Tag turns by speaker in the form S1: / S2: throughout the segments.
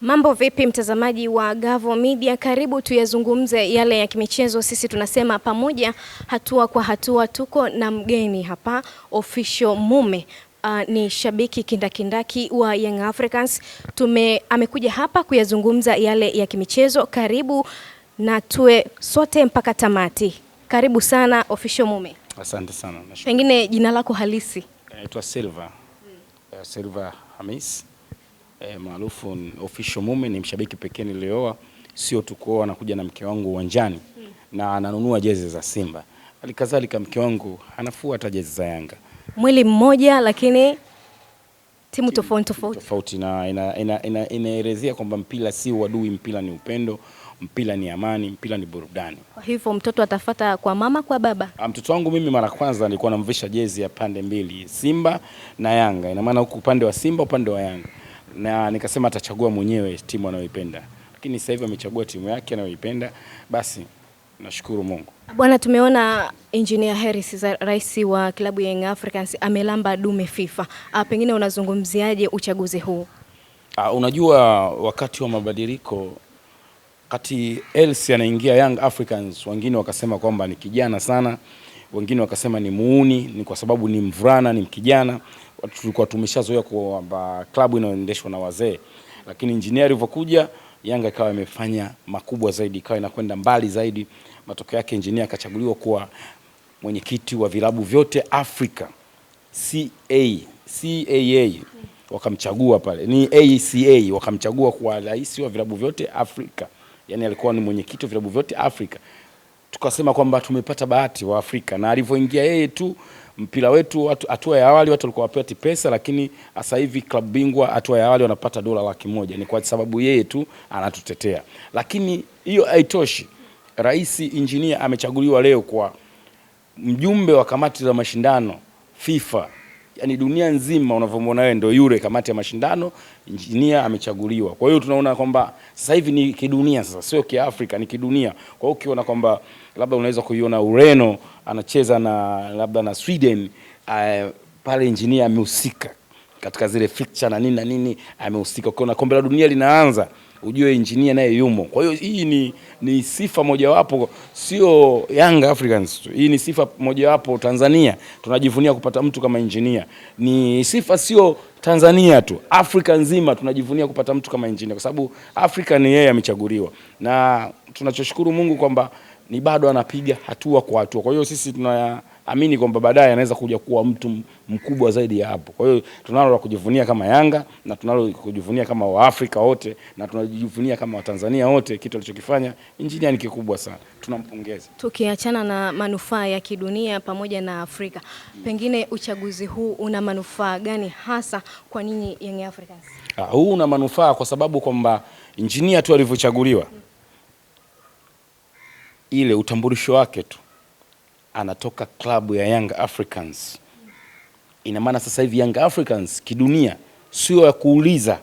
S1: Mambo vipi, mtazamaji wa Gavo Media, karibu tuyazungumze yale ya kimichezo. Sisi tunasema pamoja, hatua kwa hatua. Tuko na mgeni hapa official mume Uh, ni shabiki kindakindaki wa Young Africans tume amekuja hapa kuyazungumza yale ya kimichezo. Karibu na tuwe sote mpaka tamati. Karibu sana official mume.
S2: Asante sana.
S1: Pengine jina lako halisi?
S2: Naitwa Silva. Hmm. Eh, Silva Hamis e, maarufu official mume, ni mshabiki pekee nilioa, sio tu kuoa, kuja na mke wangu uwanjani hmm. na ananunua jezi za Simba, alikadhalika mke wangu anafua hata jezi za Yanga,
S1: mwili mmoja lakini timu tofauti tofauti
S2: tofauti, na inaelezea ina, ina, ina kwamba mpira si uadui, mpira ni upendo, mpira ni amani, mpira ni burudani.
S1: Kwa hivyo mtoto atafata kwa mama, kwa baba.
S2: Ah, mtoto wangu mimi, mara kwanza nilikuwa namvisha jezi ya pande mbili, Simba na Yanga, ina maana huku upande wa Simba, upande wa Yanga na nikasema atachagua mwenyewe timu anayoipenda, lakini sasa hivi amechagua timu yake anayoipenda, basi nashukuru Mungu.
S1: Bwana, tumeona Engineer Hersi, rais wa klabu ya Young Africans amelamba dume FIFA. A, ah, pengine unazungumziaje uchaguzi huu?
S2: A, ah, unajua wakati wa mabadiliko kati Hersi anaingia Young Africans, wengine wakasema kwamba ni kijana sana wengine wakasema ni muuni, ni kwa sababu ni mvulana, ni mkijana. Tulikuwa tumeshazoea kwamba klabu inaendeshwa na wazee, lakini injinia alivyokuja Yanga ikawa imefanya makubwa zaidi, ikawa inakwenda mbali zaidi. Matokeo yake injinia akachaguliwa kuwa mwenyekiti wa vilabu vyote Afrika CA, CAA wakamchagua pale ni ACA wakamchagua kuwa rais wa vilabu vyote Afrika, yani alikuwa ni mwenyekiti wa vilabu vyote Afrika tukasema kwamba tumepata bahati wa Afrika na alivyoingia yeye tu mpira wetu hatua ya awali watu walikuwa wapati pesa, lakini sasa hivi klabu bingwa hatua ya awali wanapata dola laki moja. Ni kwa sababu yeye tu anatutetea, lakini hiyo haitoshi. Rais Injinia amechaguliwa leo kwa mjumbe wa kamati za mashindano FIFA yani dunia nzima unavyomwona wewe ndio yule kamati ya mashindano injinia amechaguliwa. Kwa hiyo tunaona kwamba sasa hivi ni kidunia, sasa sio kiafrika, ni kidunia. Kwa hiyo ukiona kwamba labda unaweza kuiona Ureno anacheza na labda na Sweden uh, pale injinia amehusika katika zile fixture na nini na nini amehusika. Ukiona kombe la dunia linaanza ujue injinia naye yumo. Kwa hiyo hii ni, ni sifa mojawapo, sio Young Africans tu, hii ni sifa mojawapo Tanzania tunajivunia kupata mtu kama injinia. Ni sifa sio Tanzania tu, Afrika nzima tunajivunia kupata mtu kama injinia, kwa sababu Afrika ni yeye amechaguliwa, na tunachoshukuru Mungu kwamba ni bado anapiga hatua kwa hatua. Kwa hiyo sisi tunaya amini kwamba baadaye anaweza kuja kuwa mtu mkubwa zaidi ya hapo. Kwa hiyo tunalo la kujivunia kama Yanga na tunalo kujivunia kama Waafrika wote na tunajivunia kama Watanzania wote. Kitu alichokifanya injinia ni kikubwa sana, tunampongeza.
S1: Tukiachana na manufaa ya kidunia pamoja na Afrika, pengine uchaguzi huu una manufaa gani hasa kwa ninyi Young Africans?
S2: Ah, huu una manufaa kwa sababu kwamba injinia tu alivyochaguliwa, ile utambulisho wake tu anatoka klabu ya Young Africans. Ina maana sasa hivi Young Africans kidunia sio ya kuuliza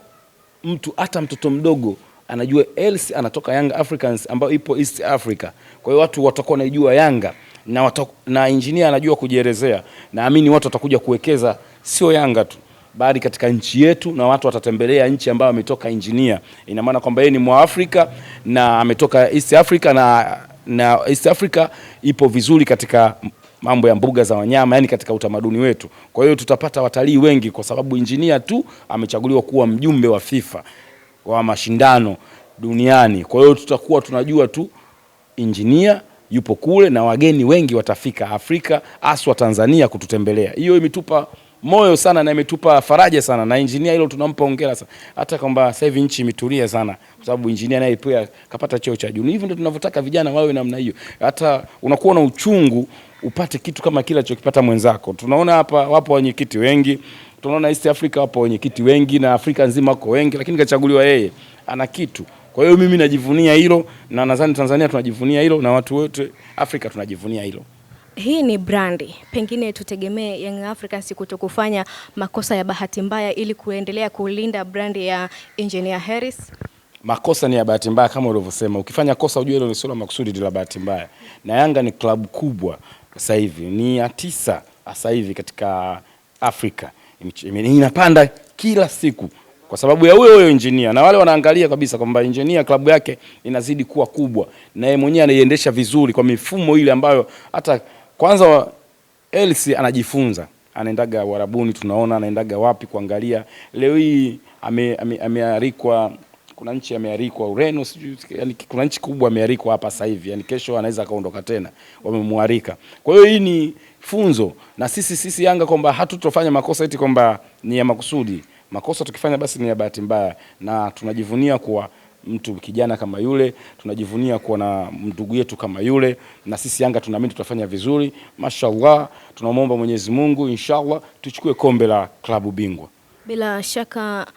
S2: mtu, hata mtoto mdogo anajua Els anatoka Young Africans ambayo ipo East Africa. Kwa hiyo watu watakuwa wanajua Yanga na, na engineer anajua kujielezea. Naamini watu watakuja kuwekeza sio Yanga tu bali katika nchi yetu, na watu watatembelea nchi ambayo ametoka injinia. Ina maana kwamba yeye ni Mwafrika na ametoka East Africa na na East Africa ipo vizuri katika mambo ya mbuga za wanyama, yani katika utamaduni wetu. Kwa hiyo tutapata watalii wengi kwa sababu injinia tu amechaguliwa kuwa mjumbe wa FIFA wa mashindano duniani. Kwa hiyo tutakuwa tunajua tu injinia yupo kule na wageni wengi watafika Afrika, aswa Tanzania kututembelea. Hiyo imetupa moyo sana na imetupa faraja sana, na injinia hilo tunampa hongera sana, hata kwamba sasa hivi nchi imetulia sana, kwa sababu injinia naye pia kapata cheo cha juu. Hivyo ndio tunavyotaka vijana wawe namna hiyo, hata unakuwa na uchungu upate kitu kama kila alichokipata mwenzako. Tunaona hapa wapo wenyekiti wengi, tunaona East Africa wapo wenyekiti wengi na Afrika nzima wako wengi, lakini kachaguliwa yeye, ana kitu. Kwa hiyo mimi najivunia hilo, na nadhani Tanzania tunajivunia hilo, na watu wote Afrika tunajivunia hilo. Hii
S1: ni brandi, pengine tutegemee Young Africans kuto kufanya makosa ya bahati mbaya ili kuendelea kulinda brandi ya Engineer Harris.
S2: Makosa ni ya bahati mbaya kama ulivyosema, ukifanya kosa ujue hilo ni suala makusudi la bahati mbaya, na Yanga ni klabu kubwa sasa hivi, ni ya tisa sasa hivi katika Afrika, inapanda kila siku kwa sababu ya huyo huyo injinia, na wale wanaangalia kabisa kwamba injinia klabu yake inazidi kuwa kubwa, na yeye mwenyewe anaiendesha vizuri kwa mifumo ile ambayo hata kwanza Elsi anajifunza, anaendaga Warabuni, tunaona anaendaga wapi kuangalia. Leo hii amearikwa ame, kuna nchi amearikwa Ureno, yani kuna nchi kubwa amearikwa hapa sasa hivi, yani kesho anaweza akaondoka tena, wamemwarika Kwa hiyo hii ni funzo na sisi sisi Yanga kwamba hatutofanya makosa eti kwamba ni ya makusudi. Makosa tukifanya basi ni ya bahati mbaya, na tunajivunia kuwa mtu kijana kama yule, tunajivunia kuwa na ndugu yetu kama yule, na sisi Yanga tunaamini tutafanya vizuri mashallah. Tunamwomba Mwenyezi Mungu inshallah tuchukue kombe la klabu bingwa.
S1: Bila shaka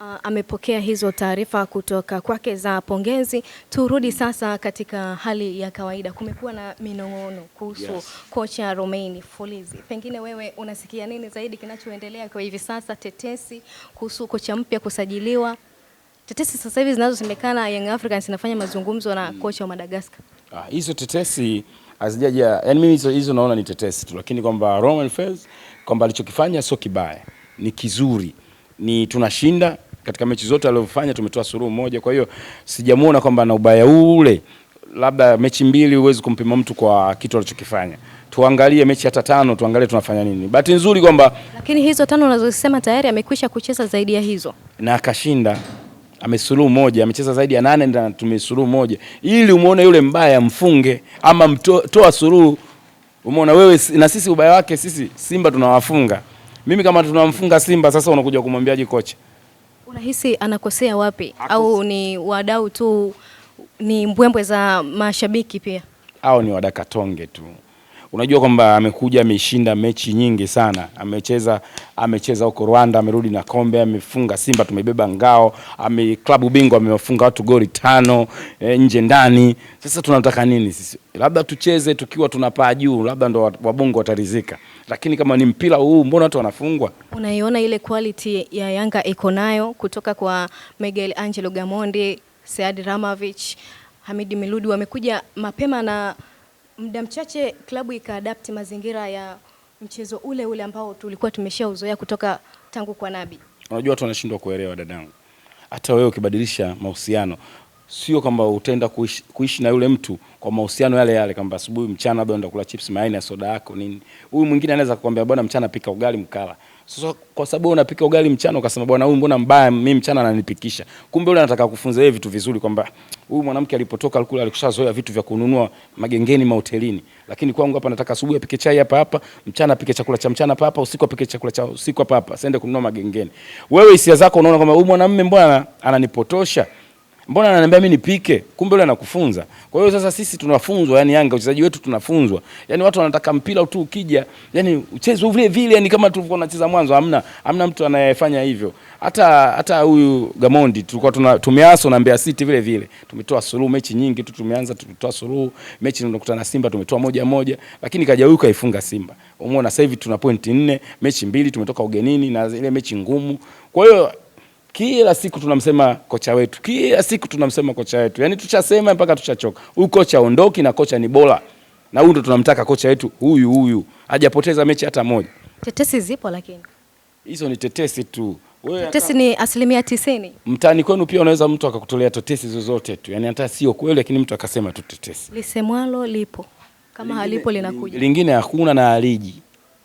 S1: uh, amepokea hizo taarifa kutoka kwake za pongezi. Turudi sasa katika hali ya kawaida. Kumekuwa na minong'ono kuhusu yes, kocha Romain Folz. Pengine wewe unasikia nini zaidi kinachoendelea kwa hivi sasa, tetesi kuhusu kocha mpya kusajiliwa tetesi sasa hivi zinazosemekana Young Africans inafanya mazungumzo na mm. kocha wa Madagascar.
S2: Ah, hizo tetesi hazijaja, yani mimi hizo hizo naona ni tetesi tu, lakini kwamba Roman Fez kwamba alichokifanya sio kibaya, ni kizuri, ni tunashinda katika mechi zote alizofanya tumetoa suruhu moja. Kwa hiyo sijamuona kwamba na ubaya ule, labda mechi mbili huwezi kumpima mtu kwa kitu alichokifanya. Tuangalie mechi hata tano, tuangalie tunafanya nini. Bahati nzuri kwamba,
S1: lakini hizo tano unazosema tayari amekwisha kucheza zaidi ya hizo
S2: na akashinda amesuluhu moja, amecheza zaidi ya nane ndio tumesuluhu moja, ili umeona yule mbaya mfunge ama mtoa mto, suluhu. Umeona wewe na sisi, ubaya wake sisi Simba tunawafunga. Mimi kama tunamfunga Simba, sasa unakuja kumwambiaje kocha?
S1: Unahisi anakosea wapi? Akos. au ni wadau tu, ni mbwembwe za mashabiki pia,
S2: au ni wadakatonge tu? Unajua kwamba amekuja ameshinda mechi nyingi sana, amecheza amecheza huko Rwanda, amerudi na kombe, amefunga Simba, tumebeba ngao, ame klabu bingwa, amewafunga watu goli tano e, nje ndani. Sasa tunataka nini sisi? Labda tucheze tukiwa tunapaa juu, labda ndo wabongo watarizika, lakini kama ni mpira huu, mbona watu wanafungwa?
S1: Unaiona ile quality ya Yanga iko nayo kutoka kwa Miguel Angelo Gamondi, Sead ramavich Hamidi Miludi, wamekuja mapema na muda mchache klabu ikaadapti mazingira ya mchezo ule ule ambao tulikuwa tumeshauzoea kutoka tangu kwa Nabi.
S2: Unajua watu wanashindwa kuelewa dadangu, hata wewe ukibadilisha mahusiano sio kwamba utaenda kuishi, kuishi na yule mtu kwa mahusiano yale yale, kwamba asubuhi mchana labda unaenda kula chips, mayai na soda yako nini. Huyu mwingine anaweza kukwambia bwana, mchana pika ugali mkala sasa kwa sababu unapika ugali mchana ukasema bwana huyu mbona mbaya mimi mchana ananipikisha. Kumbe yule anataka kufunza yeye vitu vizuri kwamba huyu mwanamke alipotoka alikula alikushazoea vitu vya kununua magengeni mahotelini. Lakini kwangu hapa nataka asubuhi apike chai hapa hapa, mchana apike chakula cha mchana hapa hapa, usiku apike chakula cha usiku hapa hapa. siende kununua magengeni. Wewe hisia zako unaona kwamba huyu mwanamume mbona ananipotosha? Mbona ananiambia mimi nipike? Kumbe yule anakufunza. Kwa hiyo sasa sisi tunafunzwa, yani Yanga wachezaji wetu tunafunzwa. Yani watu wanataka mpira tu ukija, yani ucheze vile vile, yani kama tulivyokuwa tunacheza mwanzo, hamna hamna mtu anayefanya hivyo. Hata hata huyu Gamondi tulikuwa tuna tumeaso na Mbeya City vile vile. Tumetoa suluhu mechi nyingi tu tumeanza tumetoa suluhu, mechi tunakutana na Simba tumetoa moja moja, lakini kaja huyu kaifunga Simba. Umeona sasa hivi tuna pointi nne, mechi mbili tumetoka ugenini na ile mechi ngumu. Kwa hiyo kila siku tunamsema kocha wetu, kila siku tunamsema kocha wetu, yani tushasema mpaka tushachoka. Huyu kocha ondoki na kocha ni bora, na huyu ndo tunamtaka kocha wetu huyu huyu, hajapoteza mechi hata moja.
S1: Tetesi zipo, lakini
S2: hizo ni tetesi tu.
S1: Wewe tetesi ni asilimia tisini.
S2: Mtaani kwenu pia unaweza mtu akakutolea tetesi zozote tu, yani hata sio kweli, lakini mtu akasema tu tetesi.
S1: Lisemwalo lipo kama lingine, halipo linakuja
S2: lingine, hakuna na aliji,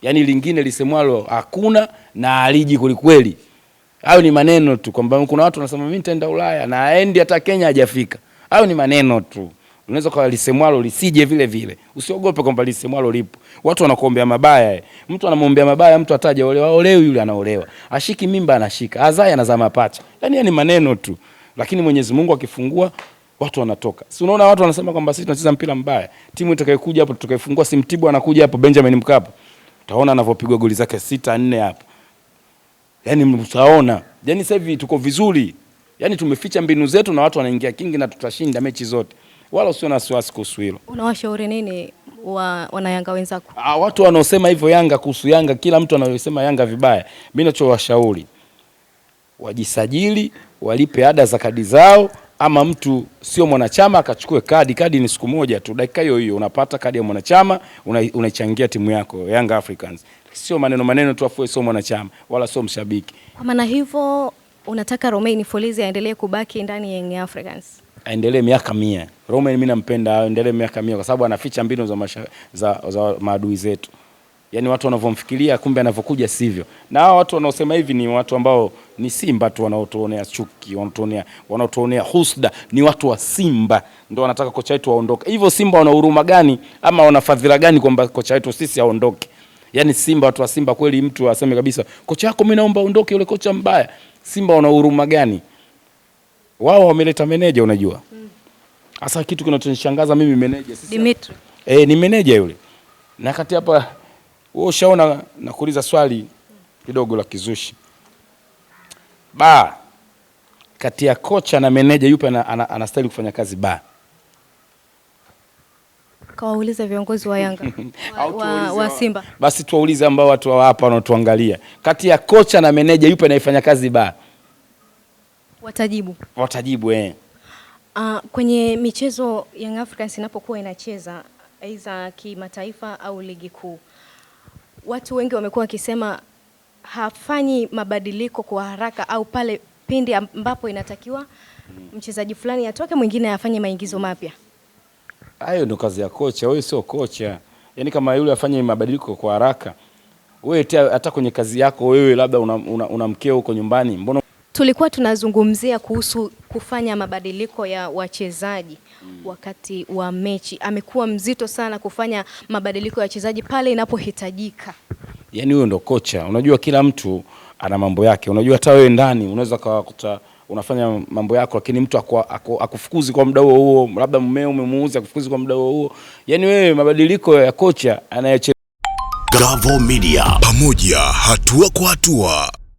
S2: yani lingine lisemwalo hakuna na aliji kulikweli Hayo ni maneno tu, kwamba kuna watu wanasema mimi nitaenda Ulaya na aendi hata Kenya hajafika. Hayo ni maneno tu, unaweza kwa lisemwalo lisije vile vile. Usiogope kwamba lisemwalo lipo. Watu wanakuombea mabaya, eh. mtu anamwombea mabaya mtu ataja olewa, olewi yule anaolewa, ashiki mimba anashika, azai anazaa mapacha. Yani ni yaani maneno tu, lakini Mwenyezi Mungu akifungua watu wanatoka. Si unaona watu wanasema kwamba sisi tunacheza mpira mbaya, timu itakayokuja hapo tutakayofungua, si Mtibwa anakuja hapo, Benjamin Mkapa, utaona anavyopigwa goli zake sita nne hapo yani mtaona, yani sasa hivi tuko vizuri, yani tumeficha mbinu zetu na watu wanaingia kingi na tutashinda mechi zote, wala usio na wasiwasi kuhusu hilo.
S1: Unawashauri nini wa, wanayanga wenzako?
S2: Ah, watu wanaosema hivyo Yanga kuhusu Yanga, kila mtu anayosema Yanga vibaya, mimi ninachowashauri wajisajili, walipe ada za kadi zao ama mtu sio mwanachama akachukue kadi. Kadi ni siku moja tu, dakika hiyo hiyo unapata kadi ya mwanachama, unaichangia una timu yako Young Africans sio maneno maneno tu, afue sio mwanachama wala sio mshabiki.
S1: Kwa maana hivyo unataka Romain Folz aendelee kubaki ndani ya Young Africans,
S2: aendelee miaka mia. Romain mimi nampenda, aendelee miaka mia kwa sababu anaficha mbinu za, masha, za, za maadui zetu. Yaani watu wanavyomfikiria kumbe anavyokuja sivyo. Na hao watu wanaosema hivi ni watu ambao ni Simba tu wanaotuonea chuki, wanaotuonea wanaotuonea husda, ni watu wa Simba ndio wanataka kocha wetu aondoke. Hivyo Simba wana huruma gani ama wana fadhila gani kwamba kocha wetu sisi aondoke? Yaani Simba, watu wa Simba kweli, mtu aseme kabisa kocha wako mimi naomba uondoke, yule kocha mbaya. Simba wana huruma gani? Wao wameleta meneja, unajua hasa kitu kinachonishangaza mimi meneja sisi.
S1: Dimitri. Eh, ni
S2: meneja yule. Na kati hapa wewe ushaona, nakuuliza swali kidogo la kizushi ba kati ya kocha na meneja yupi anastahili ana, ana kufanya kazi ba
S1: Kawaulize viongozi wa Yanga wa, wa, wa Simba basi,
S2: tuwaulize ambao watu wa hapa wanaotuangalia, kati ya kocha na meneja yupi anayefanya kazi ba? Watajibu, watajibu eh.
S1: Uh, kwenye michezo Young Africans inapokuwa inacheza aidha kimataifa au ligi kuu, watu wengi wamekuwa wakisema hafanyi mabadiliko kwa haraka au pale pindi ambapo inatakiwa hmm. mchezaji fulani atoke mwingine afanye maingizo mapya.
S2: Hayo ndo kazi ya kocha, wewe sio kocha. Yaani kama yule afanye mabadiliko kwa haraka, wewe hata kwenye kazi yako wewe labda una, una, una mkeo huko nyumbani, mbona
S1: tulikuwa tunazungumzia kuhusu kufanya mabadiliko ya wachezaji wakati wa mechi. Amekuwa mzito sana kufanya mabadiliko ya wachezaji pale inapohitajika.
S2: Yaani huyo ndo kocha. Unajua kila mtu ana mambo yake. Unajua hata wewe ndani unaweza kawakuta unafanya mambo yako, lakini mtu akufukuzi kwa muda huo huo, labda mumeo umemuuza akufukuzi kwa muda huo huo. Yani wewe mabadiliko ya kocha anayecheza Gavoo Media, pamoja hatua kwa hatua.